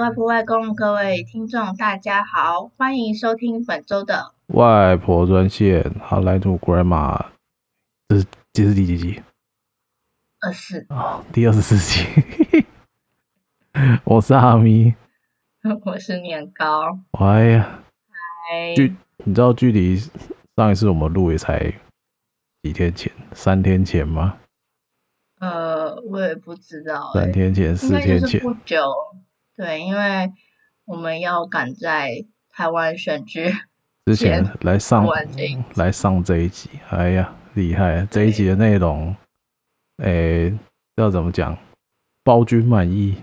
外婆、外公，各位聽眾，大家好，歡迎收聽本周的外婆專線。好，Hotline to grandma，這、呃、是這是第幾集？二十四啊，第二十四集。 我是阿咪，我是年糕。哎呀，嗨，距你知道距離上一次我們錄也才幾天前？三天前嗎？呃，我也不知道、欸。三天前，四天前，不久。對，因為我們要趕在台灣選舉前之前來上來上這一集。哎呀，厲害！這一集的內容，哎、欸，要怎麼講？包君滿意，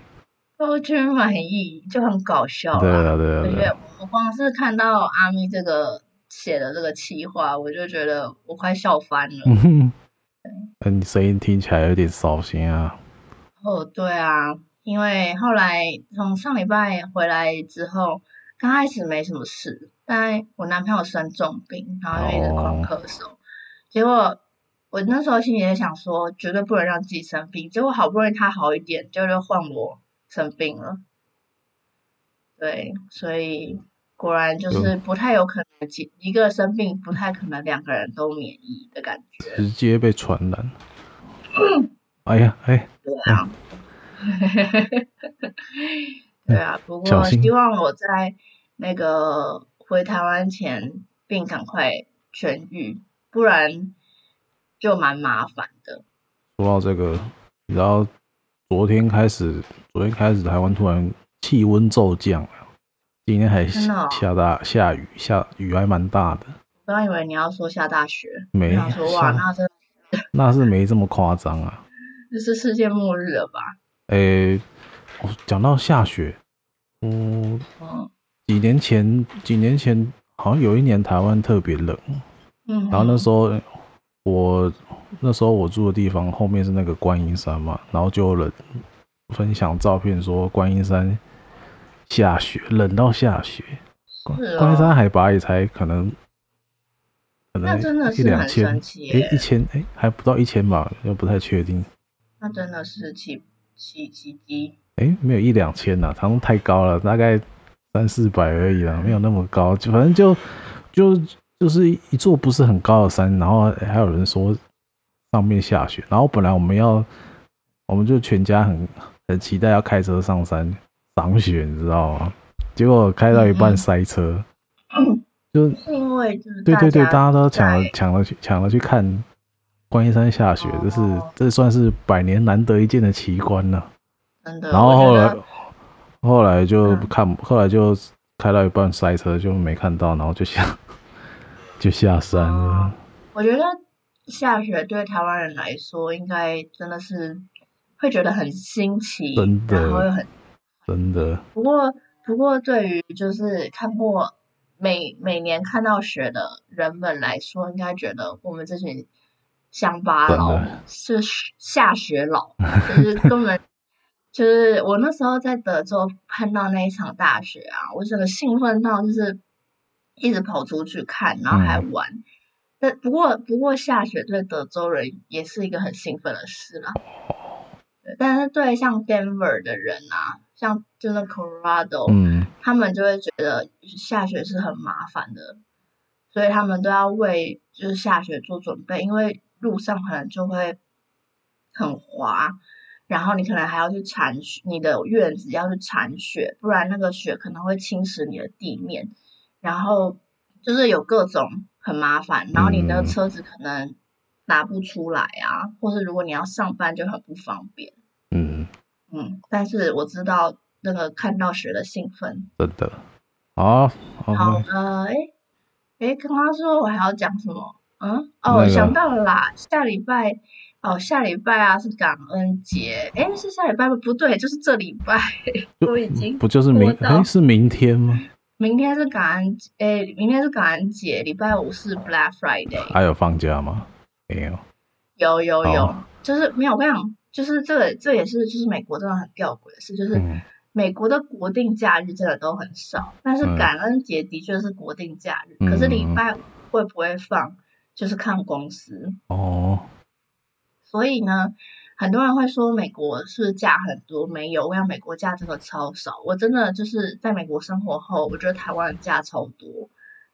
包君滿意就很搞笑對，了對對對，我光是看到阿咪這個寫的這個企劃我就覺得我快笑翻了。嗯， 嗯、啊、你聲音聽起來有點掃興啊。哦，對啊。因為後來從上禮拜回來之後，剛開始沒什麼事，但我男朋友生重病，哦、然後又一直狂咳嗽，結果我那時候心裡也想說，絕對不能讓自己生病。結果好不容易他好一點，就又換我生病了。對，所以果然就是不太有可能、呃，一個生病不太可能兩個人都免疫的感覺。直接被傳染。 哎呀，哎。對啊。哎哈哈哈哈對啊，不過希望我在那個回台灣前並趕快痊癒，不然就蠻麻煩的。說、嗯、到這個，你知道昨天開始，昨天開始台灣突然氣溫驟降，今天還下大下雨，下雨還蠻大的。我剛以為你要說下大雪，沒說哇，那是那是沒這麼誇張啊，這是世界末日了吧？誒、欸，我講到下雪，嗯，幾年前，幾年前好像有一年台灣特別冷，嗯，然後那時候我那時候我住的地方後面是那個觀音山嘛，然後就冷，分享照片說觀音山下雪，冷到下雪，哦、觀音山海拔也才可能，可能一兩千，誒、欸，一千，哎、欸，還不到一千吧，又不太確定，那真的是奇。七七七？誒、欸，沒有一兩千吶，他們太高了，大概三四百而已啦，沒有那麼高。就反正就就就是一,一座不是很高的山，然後、欸、還有人說上面下雪，然後本來我們要我們就全家很很期待要開車上山賞雪，你知道嗎？結果開到一半塞車，嗯嗯就是因為就是對對對，大家，大家都搶了搶了、了去搶了去看。觀音山下雪，哦、這是這是算是百年難得一見的奇觀了，啊。真的。然後後來後來就看、嗯，後來就開到一半塞車，就沒看到。然後就下，就下山了。哦、我覺得下雪對台灣人來說，應該真的是會覺得很新奇，真的，然後又很真的。不過不過，對於就是看過每每年看到雪的人們來說，應該覺得我們這群。鄉巴佬是下雪佬，嗯，就是根本就是我那時候在德州碰到那一場大雪啊，我真的興奮到就是一直跑出去看，然後還玩。嗯，但不過不過下雪對德州人也是一個很興奮的事啦。但是對像 Denver 的人啊，像就那 Colorado，嗯，他們就會覺得下雪是很麻煩的，所以他們都要為就是下雪做準備，因為。路上可能就會很滑，然後你可能還要去鏟雪，你的院子要去鏟雪，不然那個雪可能會侵蝕你的地面，然後就是有各種很麻煩，然後你的車子可能拿不出來啊，嗯、或是如果你要上班就很不方便。嗯嗯，但是我知道那個看到雪的興奮。真的。啊，好的，誒哎，剛剛說我還要講什麼？嗯哦，想到了啦，下禮拜哦，下禮拜啊是感恩節，哎是下禮拜嗎？不對，就是這禮拜 已經不就是明哎是明天嗎？明天是感恩節，哎明天是感恩節，禮拜五是 Black Friday。還有放假嗎？沒有，有有、哦、有，就是沒有。我跟你講就是這個這也是就是美國真的很吊詭的事，就是美國的國定假日真的都很少，嗯、但是感恩節的確是國定假日，嗯、可是禮拜五會不會放？就是看公司哦，oh. 所以呢，很多人會說美國是假很多，沒有，我想美國假真的超少。我真的就是在美國生活後，我覺得台灣假超多，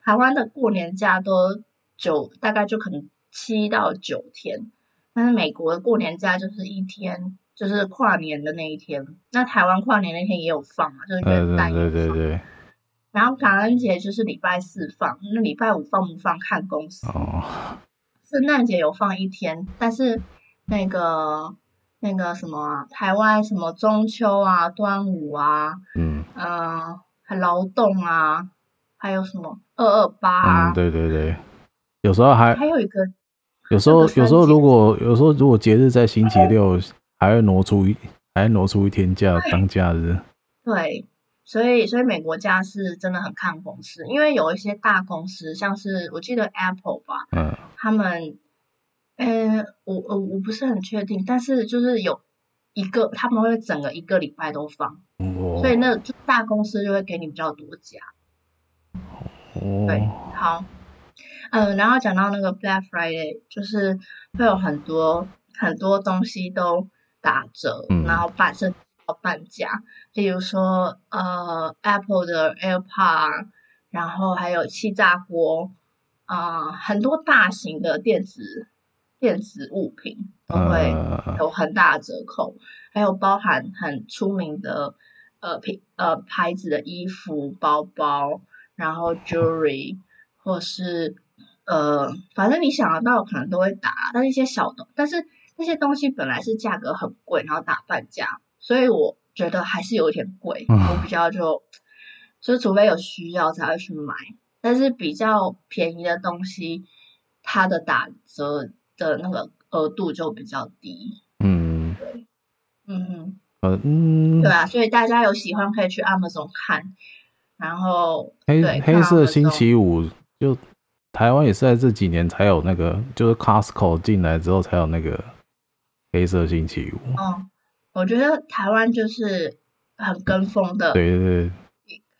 台灣的過年假都九，大概就可能七到九天，但是美國過年假就是一天，就是跨年的那一天。那台灣跨年那天也有放啊，就是元旦。對對對，對，對。然後感恩節就是禮拜四放，那禮拜五放不放看公司。哦。聖誕節有放一天，但是那個那個什麼啊，台灣什麼中秋啊、端午啊，嗯，呃，還勞動啊，還有什麼二二八啊，嗯，對對對，有時候還還有一個，有時候、那個、有時候如果有時候如果節日在星期六，哦，還會挪出一還會挪出一天假當假日。對。所以，所以美國家是真的很看公司，因為有一些大公司，像是我記得 Apple 吧，嗯、他們，嗯、欸，我我不是很確定，但是就是有一個他們會整個一個禮拜都放，所以那就大公司就會給你比較多假，嗯。對，好，嗯，然後講到那個 Black Friday，就是會有很多很多東西都打折，嗯，然後半折。半價，例如說，呃，Apple 的 AirPods，然後還有氣炸鍋，啊、呃，很多大型的電子電子物品都會有很大折扣，Uh-huh. 還有包含很出名的，呃，品呃牌子的衣服、包包，然後 Jewelry，或是呃，反正你想得到可能都會打，但一些小的，但是那些東西本來是價格很貴，然後打半價。所以我覺得還是有點貴，嗯，我比較就就除非有需要才會去買，但是比較便宜的東西，它的打折的那個額度就比較低。嗯，嗯嗯對啊，所以大家有喜歡可以去 Amazon 看，然後黑 Amazon，黑色星期五就台灣也是在這幾年才有那個，就是 Costco 進來之後才有那個黑色星期五。嗯。我覺得台灣就是很跟風的。對對對，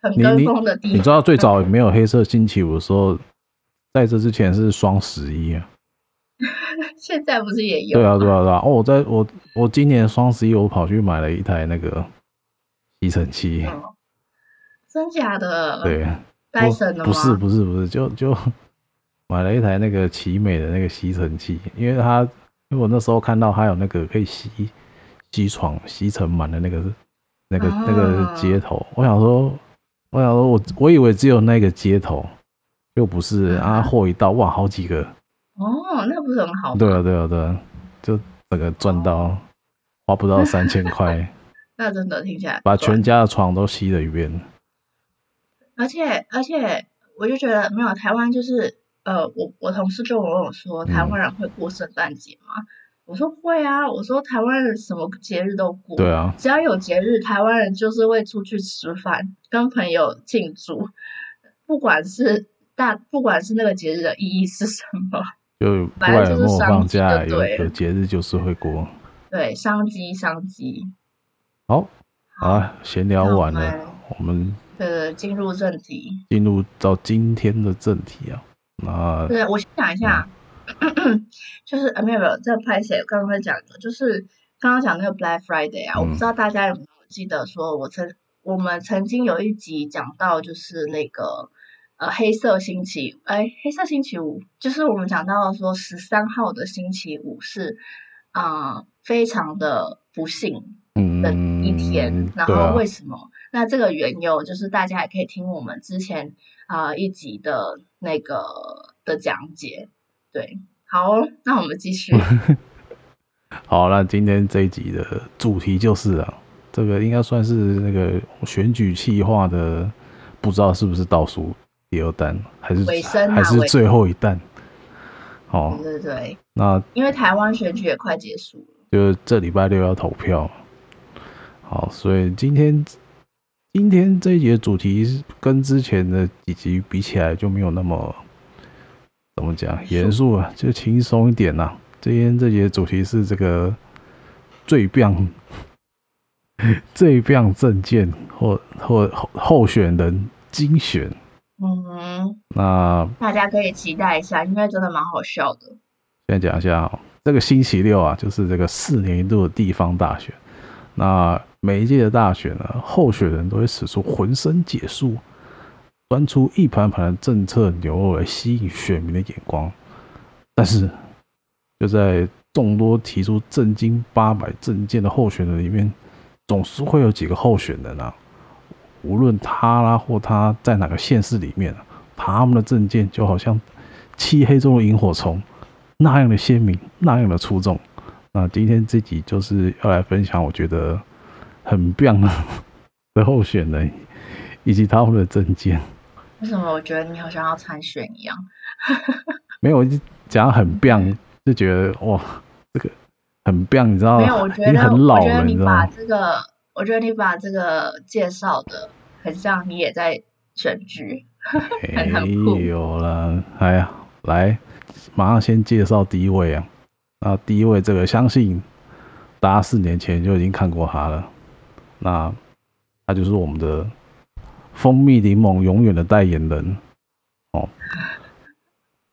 很跟風的地方。地。你知道最早沒有黑色星期五的時候，在 這之前是雙十一啊。現在不是也有？對啊，對啊，對啊。哦，我在我我今年雙十一我跑去買了一台那個吸塵器。哦，真假的？對，戴森的？不是，不是，不是，就就買了一台那個奇美的那個吸塵器，因為它因為我那時候看到它有那個可以吸。吸床吸塵蟎的那個那個、哦、那個街頭，我想說，我想說我，我我以為只有那個街頭，又不是啊，貨一到、嗯、哇，好幾個哦，那不是很好？對了，對了，對了，就整個賺到、哦，花不到三千塊， 那真的聽起來把全家的床都吸了一遍，而且而且，我就覺得沒有台灣，就是呃，我我同事就問我說，說台灣人會過聖誕節嗎？嗯我說會啊，我說台灣人什麼節日都過，對啊，只要有節日，台灣人就是會出去吃飯，跟朋友慶祝，不管是大，不管是那個節日的意義是什麼，就本來就是商家，有節日就是會過，對，商機商機，好，啊，閒聊完了，我們呃進入正題，進入到今天的正題啊，啊，對我先講一下。 就是啊、哎，沒有在拍寫，剛剛在講的就是剛剛講那個 Black Friday 啊、嗯，我不知道大家有沒有記得，說我曾我們曾經有一集講到，就是那個呃黑色星期五，哎，黑色星期五，就是我們講到說十三號的星期五是啊、呃、非常的不幸的一天，嗯、然後為什麼？啊、那這個緣由就是大家也可以聽我們之前啊、呃、一集的那個的講解。對，好，那我們繼續。 好，那今天這一集的主題就是啊，這個應該算是那個選舉企劃的，不知道是不是倒數第二彈，還是尾聲啊，還是最後一彈？哦，對對對。那因為台灣選舉也快結束了，就這禮拜六要投票。好，所以今天今天這一集的主題，跟之前的幾集比起來，就沒有那麼。怎麼講？嚴肅啊，就輕鬆一點吶、啊。今天這節主題是這個最棒、最棒政見或或候選人精選。嗯，那大家可以期待一下，因為真的蠻好笑的。現在講一下、哦，這個星期六啊，就是這個四年一度的地方大選。那每一屆的大選呢、啊，候選人都會使出渾身解數。端出一盤盤的政策牛肉來吸引選民的眼光，但是就在眾多提出政經八百政見的候選人裡面，總是會有幾個候選人啊，無論他啦、啊、或他在哪個縣市裡面、啊，他們的政見就好像漆黑中的螢火蟲那樣的鮮明，那樣的出眾。那今天這集就是要來分享我覺得很棒的， 的候選人以及他們的政見。為什麼我覺得你好像要參選一樣？ 沒有，我就講很棒，就覺得哇，這個很棒，你知道嗎？沒有，我覺得，你很老了，我覺得你把這個你，我覺得你把這個介紹的很像你也在選舉。哎 有了，哎呀，來，馬上先介紹第一位啊。那第一位這個，相信大家四年前就已經看過他了。那他就是我們的。蜂蜜檸檬永遠的代言人，哦，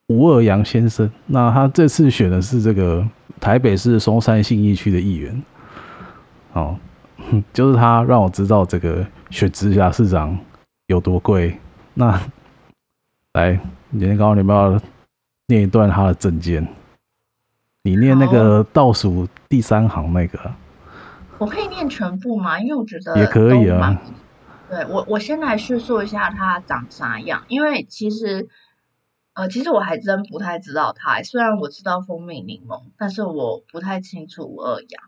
吳萼洋先生。那他這次選的是這個台北市松山信義區的議員，哦，就是他讓我知道這個選直轄市長有多貴。那來，今天剛好你要念一段他的政見，你念那個倒數第三行那個、啊，我可以念全部嗎？因為我覺得也可以啊。對我，我先來敘述一下它長啥樣，因為其實，呃，其實我還真不太知道它。雖然我知道蜂蜜檸檬，但是我不太清楚萼洋。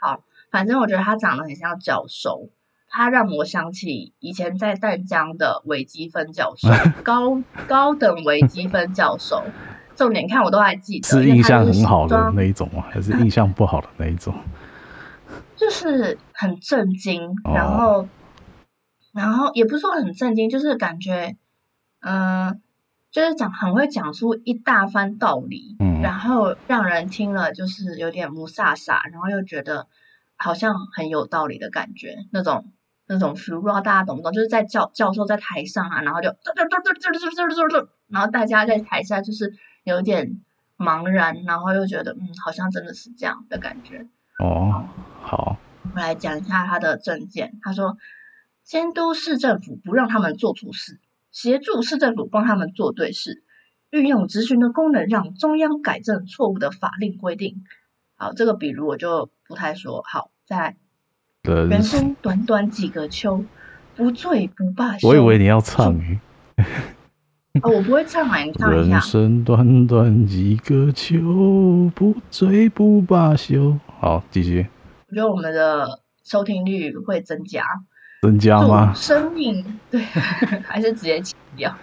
好，反正我覺得它長得很像教授，它讓我想起以前在淡江的微積分教授， 高高等微積分教授。重點看我都還記得， 是印象很好的那一種啊，還是印象不好的那一種？ 就是很震驚，哦、然後。然後也不是說很震驚，就是感覺，嗯、呃，就是講很會講出一大番道理、嗯，然後讓人聽了就是有點霧煞煞，然後又覺得好像很有道理的感覺，那種那種 feel，不知道大家懂不懂？就是在教教授在台上啊，然後就嘟嘟嘟嘟嘟嘟嘟，然後大家在台下就是有點茫然，然後又覺得嗯，好像真的是這樣的感覺。哦，好，好，我來講一下他的政見。他說。監督市政府不讓他們做錯事，協助市政府幫他們做對事，運用質詢的功能讓中央改正錯誤的法令規定。好，這個比如我就不太說。好，再來。人生短短幾個秋，不醉不罷休。我以為你要唱誒、啊，我不會唱啊，你唱一下。人生短短幾個秋，不醉不罷休。好，繼續。我覺得我們的收聽率會增加。增加嗎？生命對， 還是直接切掉。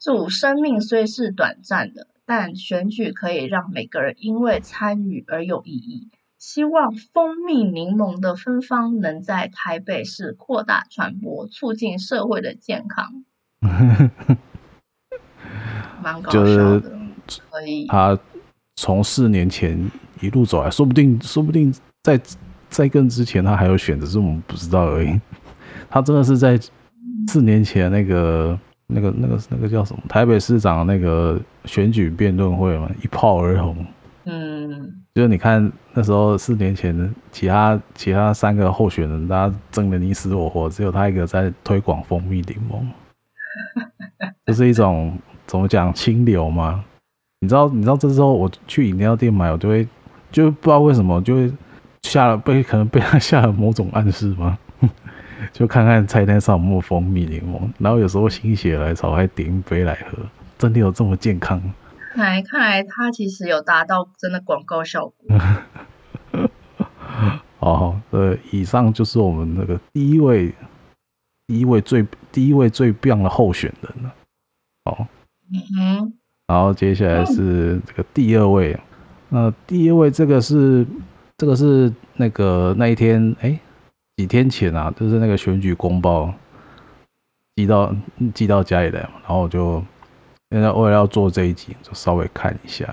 祝生命雖是短暫的，但選舉可以讓每個人因為參與而有意義。希望蜂蜜檸檬的芬芳能在台北市擴大傳播，促進社會的健康。 蠻搞笑的，所、就是、以他從四年前一路走來、啊，說不定，說不定在。在更之前，他還有選擇，是我們不知道而已。他真的是在四年前那個、那個、那個、那個叫什麼台北市長那個選舉辯論會嘛，一炮而紅。嗯，就是你看那時候四年前，其他其他三個候選人，大家爭得你死我活，只有他一個在推廣蜂蜜檸檬，就是一種怎麼講清流嘛。你知道，你知道這時候我去飲料店買，我就會就不知道為什麼就會。下了被可能被他下了某種暗示嗎？ 就看看菜單上有沒有蜂蜜檸檬，然後有時候心血來潮還點一杯來喝，真的有這麼健康？看來看來他其實有達到真的廣告效果。哦， 對，以上就是我們那個第一位，第一位最第一位最棒的候選人了。好，嗯哼。然後接下來是這個第二位，那第二位這個是。這個是那個那一天，哎，幾天前啊，就是那個選舉公報寄到寄到家裡來，然後我就現在為了要做這一集，就稍微看一下，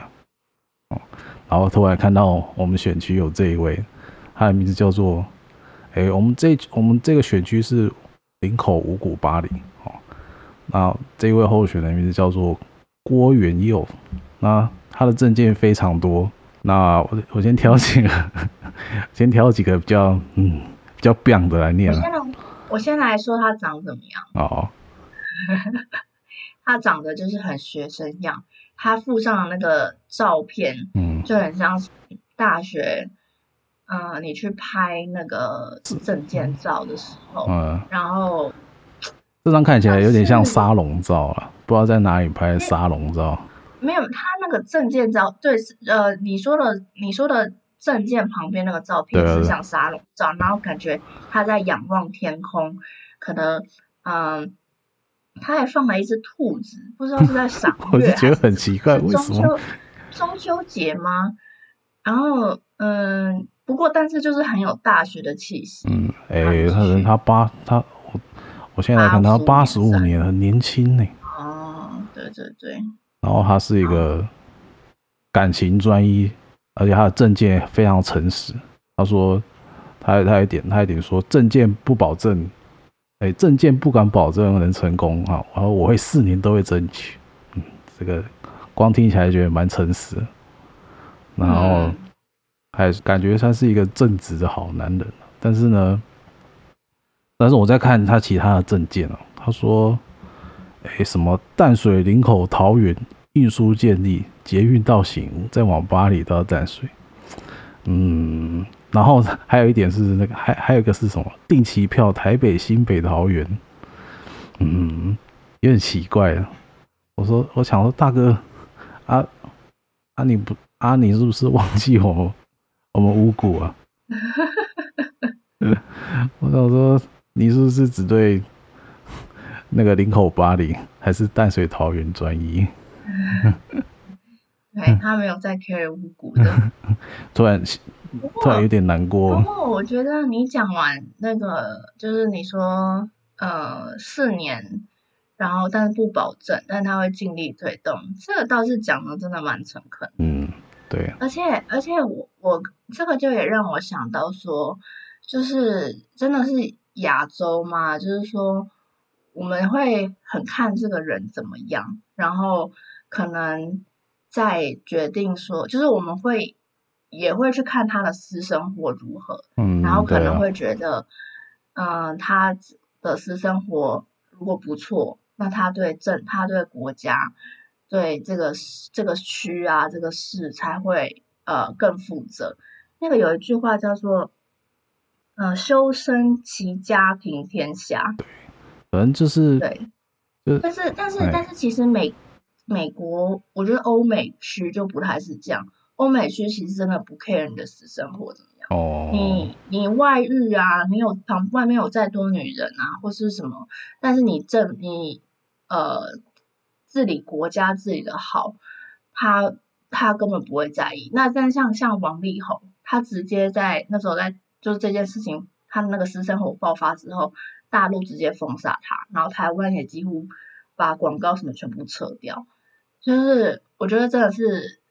哦，然後突然看到我們選區有這一位，他的名字叫做，哎，我們這我們這個選區是林口五股八里，哦，那這一位候選人的名字叫做郭元佑，那他的政見非常多。那我我先挑幾個，先挑幾個比較嗯比較 ㄅ 一尢 ˋ 的來念，啊我先來。我先來說他長怎麼樣哦， 他長得就是很學生樣，他附上那個照片，嗯，就很像大學，嗯、呃，你去拍那個證件照的時候，嗯，然後這張看起來有點像沙龍照啊，啊，不知道在哪裡拍沙龍照。嗯沒有他那個證件照，對，呃，你說的你說的證件旁邊那個照片是像沙龍照，然後感覺他在仰望天空，可能嗯、呃，他還放了一只兔子，不知道是在賞月還是 我就覺得很奇怪，為什麼？中秋節嗎？然後嗯，不過但是就是很有大學的氣息。嗯，哎、欸啊，他人他八他我我現在看他八十五年了，很年輕呢、欸。哦、啊，對對對。然後他是一個感情專一，而且他的政見非常誠實。他說他，他他一點他一點說政見不保證，哎，政見不敢保證能成功啊，然後我會四年都會爭取，嗯，這個光聽起來覺得蠻誠實的。然後還感覺他是一個正直的好男人。但是呢，但是我在看他其他的政見哦、啊。他說，哎，什麼淡水、林口、桃園。運輸建立捷運到行再往八里到淡水，嗯，然後還有一點是那個還還有一個是什麼定期票台北新北桃園，嗯，有點奇怪啊。我說我想說大哥啊啊你不啊你是不是忘記我們我們五股啊？ 我說我想說你是不是只對那個林口、八里，還是淡水、桃園專一？對，他沒有在 carry 五股的，突然 突然有點難過。然後我覺得你講完那個，就是你說呃四年，然後但是不保證，但他會盡力推動，這個倒是講的真的蠻誠懇。嗯，對啊。而且而且我我這個就也讓我想到說，就是真的是亞洲嘛，就是說我們會很看這個人怎麼樣，然後。可能在決定說，就是我們會也會去看他的私生活如何，嗯，然後可能會覺得，嗯、啊呃，他的私生活如果不錯，那他對政、他對國家、對這個這個區啊、這個市才會呃更負責。那個有一句話叫做，呃，修身齊家平天下，對，可能就是對，就、呃、是但是、哎、但是但是其實每。美國，我覺得歐美區就不太是這樣。歐美區其實真的不 care 你的私生活怎麼樣。哦。你你外遇啊，你有旁外面有再多女人啊，或是什麼，但是你政你呃治理國家治理的好，他他根本不會在意。那但像像王力宏，他直接在那時候在就是這件事情，他那個私生活爆發之後，大陸直接封殺他，然後台灣也幾乎把廣告什麼全部撤掉。就是我覺得真的是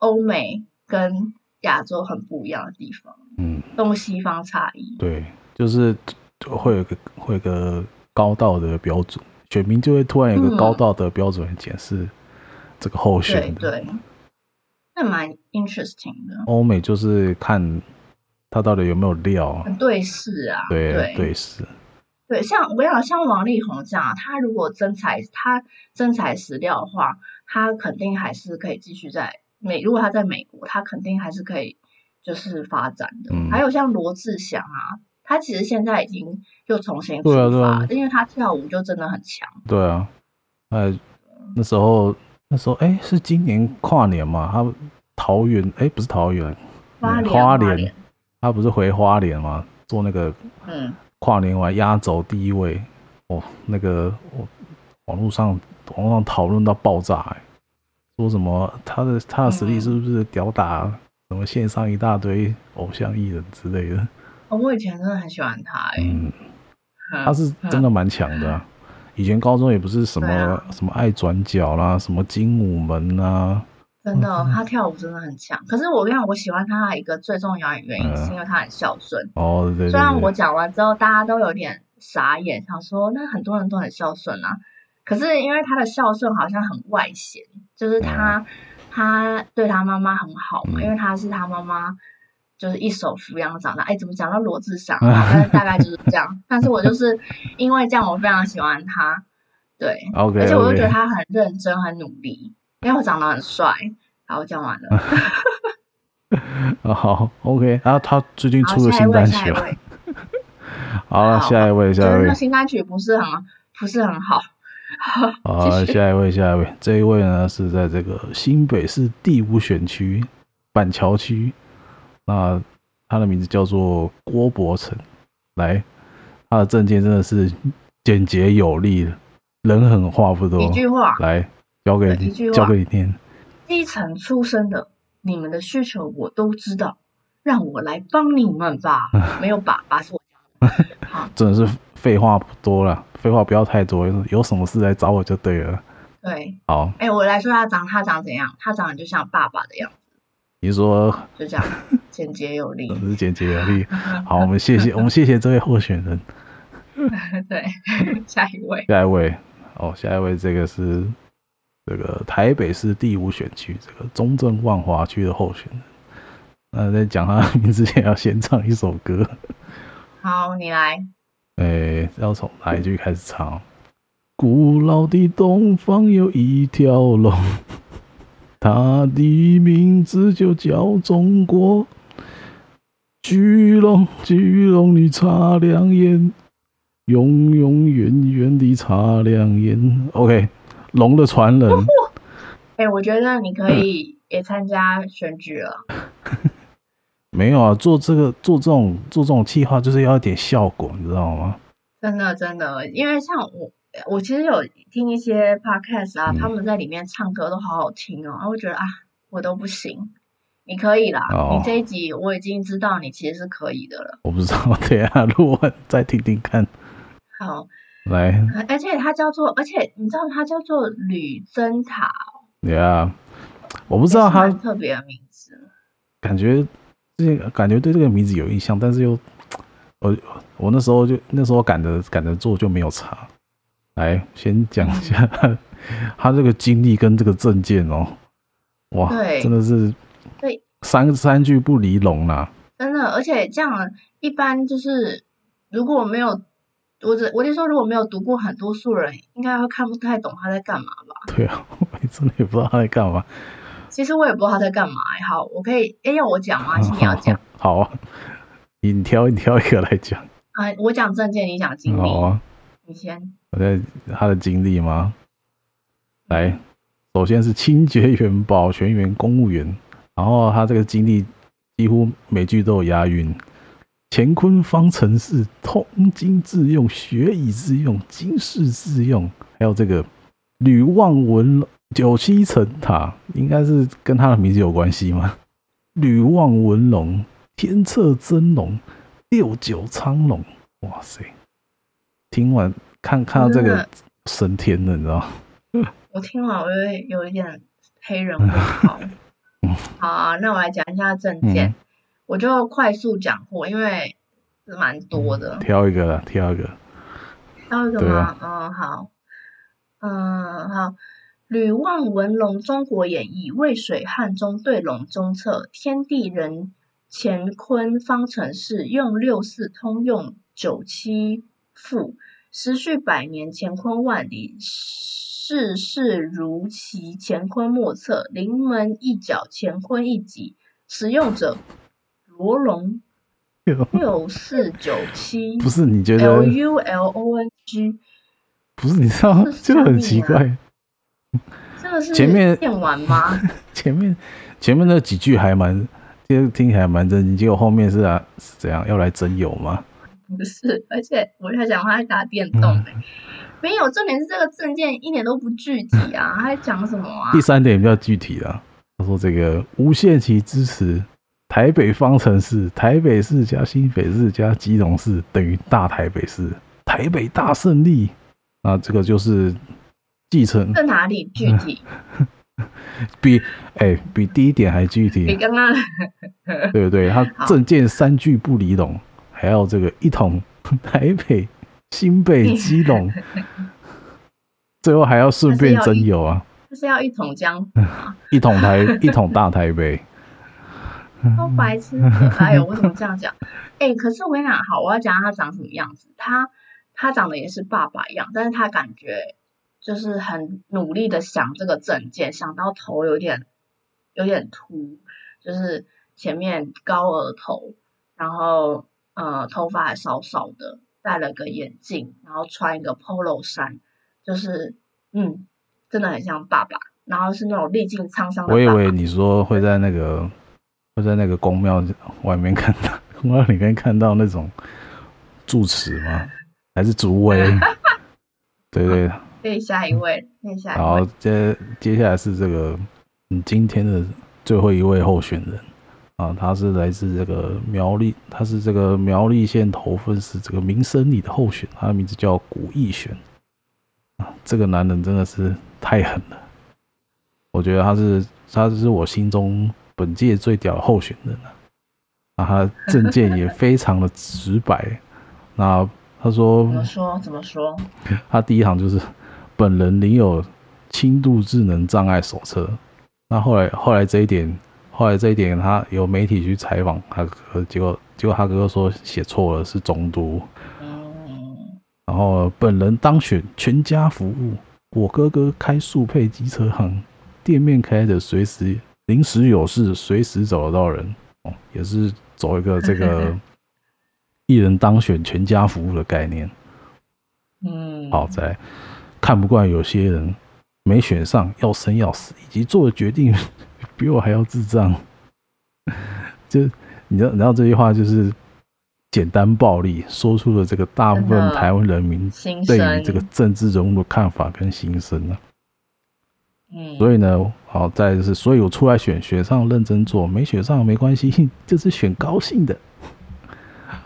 歐美跟亞洲很不一樣的地方，嗯，東西方差異，對，就是就會有個會有個高道德標準，選民就會突然有個高道德標準檢視這個候選人，嗯，對，那蠻 interesting 的。歐美就是看他到底有沒有料，對是啊，對對是，對，像我跟你講，像王力宏這樣，啊，他如果真材他真材實料的話。他肯定還是可以繼續在美。如果他在美國，他肯定還是可以，就是發展的。嗯、還有像羅志祥啊，他其實現在已經又重新出發了，對啊對啊，因為他跳舞就真的很強。對啊，哎、呃，那時候，那時候，哎，是今年跨年嘛？他桃園，哎，不是桃園花、嗯花，花蓮，他不是回花蓮嘛？做那個，嗯，跨年完壓軸第一位哦，那個，我網絡上。網上討論到爆炸、欸，說什麼他的他的實力是不是吊打什麼線上一大堆偶像藝人之類的？哦，我以前真的很喜歡他、欸嗯，嗯，他是真的蠻強的、啊嗯。以前高中也不是什麼、嗯啊、什麼愛轉角啦，什麼精武門啊，真的、嗯，他跳舞真的很強。可是我跟你講，我喜歡他一個最重要的原因是因為他很孝順、嗯。哦，對，對，對，對。雖然我講完之後大家都有點傻眼，想說那很多人都很孝順啊。可是因為他的孝順好像很外顯，就是他，他對他媽媽很好，嘛，因為他是他媽媽，就是一手撫養長大。哎、欸，怎麼講到羅志祥、啊， 大概就是這樣。但是我就是因為這樣，我非常喜歡他。對，okay, okay. 而且我又覺得他很認真、很努力，因為我長得很帥。好，我講完了。 好，OK。然後他最近出了新單曲，好了，下一位，下一位。 下一位，下一位，嗯，下一位，嗯，新單曲不是很，不是很好。好、啊，下一位，下一位，這一位呢，是在這個新北市第五選區板橋區，那他的名字叫做郭伯城，來，他的政見真的是簡潔有力，人狠話不多，一句話，來，交給你，交給你聽，基層出身的，你們的需求我都知道，讓我來幫你們吧， 沒有爸爸是我家的， 真的是廢話不多了。廢話不要太多，有什麼事來找我就對了。對，好，欸，我來說他長他長怎樣？他長得就像爸爸的樣子。你說就這樣簡潔有力， 是簡潔有力。好，我們謝謝 我們謝謝這位候選人。對，下一位，下一位，哦，下一位，這個是這個台北市第五選區這個中正萬華區的候選人。那在講他名字前，要先唱一首歌。好，你來。哎、欸，要從哪一句開始唱？古老的東方有一條龍，他的名字就叫中國。巨龍，巨龍你擦亮眼，永永遠遠的擦亮眼。OK，龍的傳人。哎、欸，我覺得你可以也參加選舉了。 沒有啊，做這個做這種做這種計劃就是要一點效果，你知道嗎？真的真的，因為像我我其實有聽一些 podcast 啊、嗯，他們在裡面唱歌都好好聽哦，然後，啊，我覺得啊我都不行，你可以啦，你這一集我已經知道你其實是可以的了。我不知道，等一下，錄完再聽聽看。好，來，而且它叫做，而且你知道它叫做呂貞塔。對啊，我不知道它特別的名字，感覺。感覺對這個名字有印象，但是又，我我那時候就那時候趕着趕着做就沒有查。來，先講一下他這個經歷跟這個政見哦。哇，真的是，對，三三句不離龍啦，真的，而且這樣一般就是，如果沒有，我只我就說如果沒有讀過，很多素人應該會看不太懂他在幹嘛吧。對啊，我真的也不知道他在幹嘛。其實我也不知道他在幹嘛、欸。好，我可以，欸、要我講嗎？你要講。好啊，你挑，你挑一個來講。啊，我講政見，你講經歷、嗯。好啊，你先。我在他的經歷嗎？來，首先是清潔員，保全員、公務員。然後他這個經歷幾乎每句都有押韻，乾坤方程式，通經致用，學以致用，經世致用，還有這個呂望文。九七層塔應該是跟他的名字有關係嗎？呂望文龍，天策真龍，六九蒼龍。哇塞！聽完看看到這個升天了，嗯，你知道嗎？我聽完我覺得有一點黑人好， 好，啊，那我來講一下政見，嗯，我就快速講過，因為是蠻多的，嗯。挑一個啦，挑一個，挑一個嗎？啊、嗯，好，嗯，好。呂望文龍，中國演義，渭水漢中對龍中策，天地人，乾坤方程式，用六四通用九七負，時序百年，乾坤萬里，世事如棋，乾坤莫測，臨門一腳，乾坤一己，使用者羅龍六四九七， 不是你覺得？L U L O N G，不是你知道嗎？啊、就很奇怪。真的是電玩前面念完嗎？前面，前面那幾句還蠻聽聽起來蠻真，結果後面是啊是這樣，要來徵友嗎？不是，而且我才講他在打電動、嗯，沒有重點是這個政見一點都不具體啊，還講什麼、啊？第三點比較具體啊，他說這個無限期支持台北方程式，台北市加新北市加基隆市等於大台北市，台北大勝利，那這個就是。繼承這哪裡具體？ 比哎、欸、比第一點還具體。你 剛剛 對不對？他政見三句不離龍，還要這個一統台北新北基隆， 最後還要順便徵友啊！就是要一統江 一統台一統大台北。好 白痴！還、哎、有我怎麼這樣講？哎、欸，可是我跟你講，好，我要講他長什麼樣子。他他長得也是爸爸一樣，但是他感覺。就是很努力的想這個政見，想到頭有點有點禿，就是前面高額頭，然後呃頭髮還少少的，戴了個眼鏡，然後穿一個 polo 衫，就是嗯，真的很像爸爸，然後是那種歷盡滄桑。我以為你說會在那個會在那個宮廟外面看到，宮廟裡面看到那種住持嗎？還是主委？ 對，對對。 對下一位，下一位。好，接接下來是這個，嗯，今天的最後一位候選人，啊，他是來自這個苗栗，他是這個苗栗縣頭份市這個民生里的候選，他的名字叫古益弦。啊，這個男人真的是太狠了，我覺得他是，他是我心中本屆最屌的候選人了。啊，啊，他政見，也非常的直白。 那他說怎麼說？怎麼說？他第一行就是。本人，領有輕度智能障礙手冊。那後來，後來這一點，後來這一點，他有媒體去採訪他哥，結果結果他哥哥說寫錯了，是中度。然後本人當選全家服務，我哥哥開速配機車行，店面開着，隨時臨時有事，隨時找得到人。也是走一個這個一人當選全家服務的概念。嗯，好在。看不慣有些人沒選上要生要死，以及做的決定比我還要智障。 就你知道，你知道這句話就是簡單暴力說出了這個大部分台灣人民對於這個政治人物的看法跟心聲啊。嗯，所以呢，好再就是，所以我出來選選上認真做，沒選上沒關係，就是選高興的。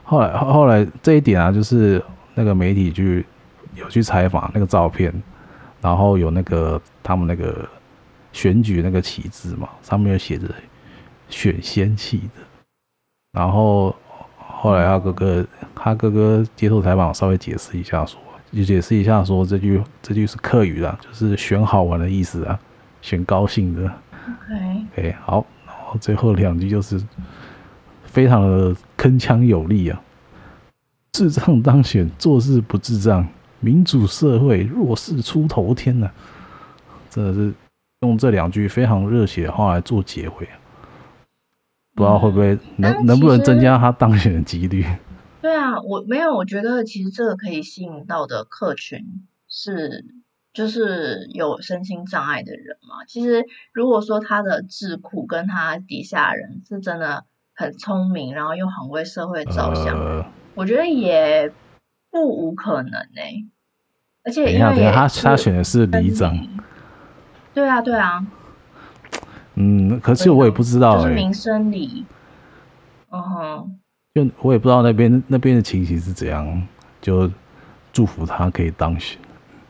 後來後來這一點啊，就是那個媒體去。有去採訪那個照片，然後有那個他們那個選舉那個旗幟嘛，上面有寫着“選仙氣”的，然後後來他哥哥他哥哥接受採訪，稍微解釋一下說，就解釋一下說這句這句是客語啦、啊，就是選好玩的意思啊，選高興的。哎，okay. okay，好，然後最後兩句就是非常的鏗鏘有力啊，智障當選，做事不智障。民主社會，弱勢出頭天呢、啊，真的是用這兩句非常熱血的話來做結尾、啊嗯，不知道會不會能能不能增加他當選的幾率？對啊，我沒有，我覺得其實這個可以吸引到的客群是就是有身心障礙的人嘛。其實如果說他的智庫跟他底下人是真的很聰明，然後又很為社會着想、呃，我覺得也不無可能呢、欸。而且等一下，等一下，他他選的是里長。對啊對啊，嗯，可是我也不知道、欸，就是民生里，哦吼，就我也不知道那邊那邊的情形是怎樣，就祝福他可以當選。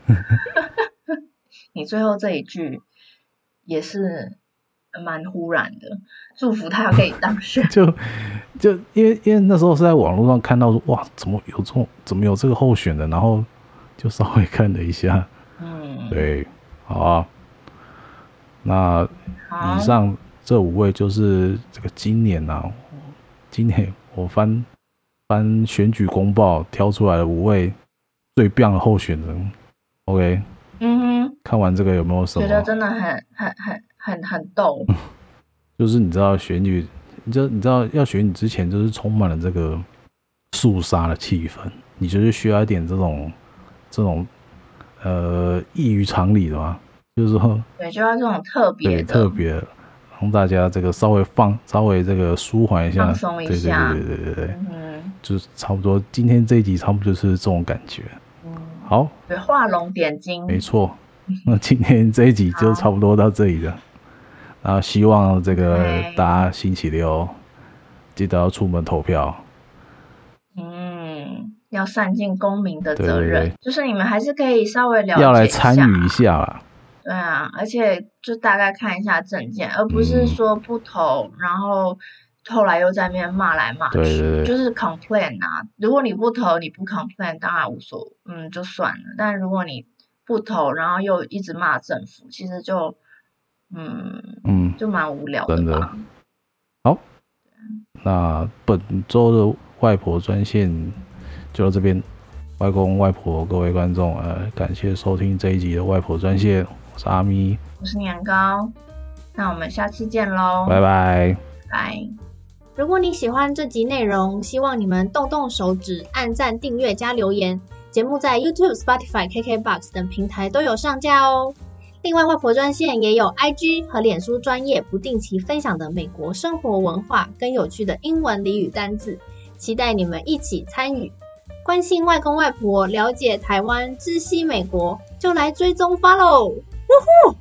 你最後這一句也是蠻忽然的，祝福他可以當選。 就就因為因為那時候是在網絡上看到說，哇，怎麼有這種，怎麼有這個候選的，然後。就稍微看了一下，嗯，對，好啊，那以上這五位就是這個今年啊，今年我翻翻選舉公報挑出來的五位最棒的候選人，OK，嗯哼，看完這個有沒有什麼？覺得真的很很很很很逗， 就是你知道選舉，你知道你知道要選你之前，就是充滿了這個肅殺的氣氛，你就是需要一點這種。這種，呃，異於常理的嘛，就是說，對，就要這種特別的，特別，讓大家這個稍微放，稍微這個舒緩一下，放鬆一下，對對對對對，嗯，就是差不多，今天這一集差不多就是這種感覺，嗯，好，對，畫龍點睛，沒錯，那今天這一集就差不多到這裡了，然後希望這個大家星期六記得要出門投票。要善盡公民的責任，就是你們還是可以稍微了解，一下，一下啦。對啊，而且就大概看一下政見，嗯，而不是說不投，然後後來又在那邊罵來罵去，對對對，就是 complain 啊。如果你不投，你不 complain，當然無所，嗯，就算了。但如果你不投，然後又一直罵政府，其實就嗯嗯，就蠻無聊的吧。真的，好，哦，那本周的外婆專線。就到這邊，外公外婆，各位觀眾，呃，感謝收聽這一集的外婆專線。我是阿咪，我是年糕，那我們下期見嘍，拜拜，拜拜。如果你喜歡這集內容，希望你們動動手指，按讚、訂閱、加留言。節目在 YouTube、Spotify、KKBox 等平台都有上架哦。另外，外婆專線也有 IG 和臉書專頁不定期分享的美國生活文化跟有趣的英文俚語單字，期待你們一起參與。關心外公外婆，了解台灣，知悉美國，就來追蹤 Follow。嗚呼！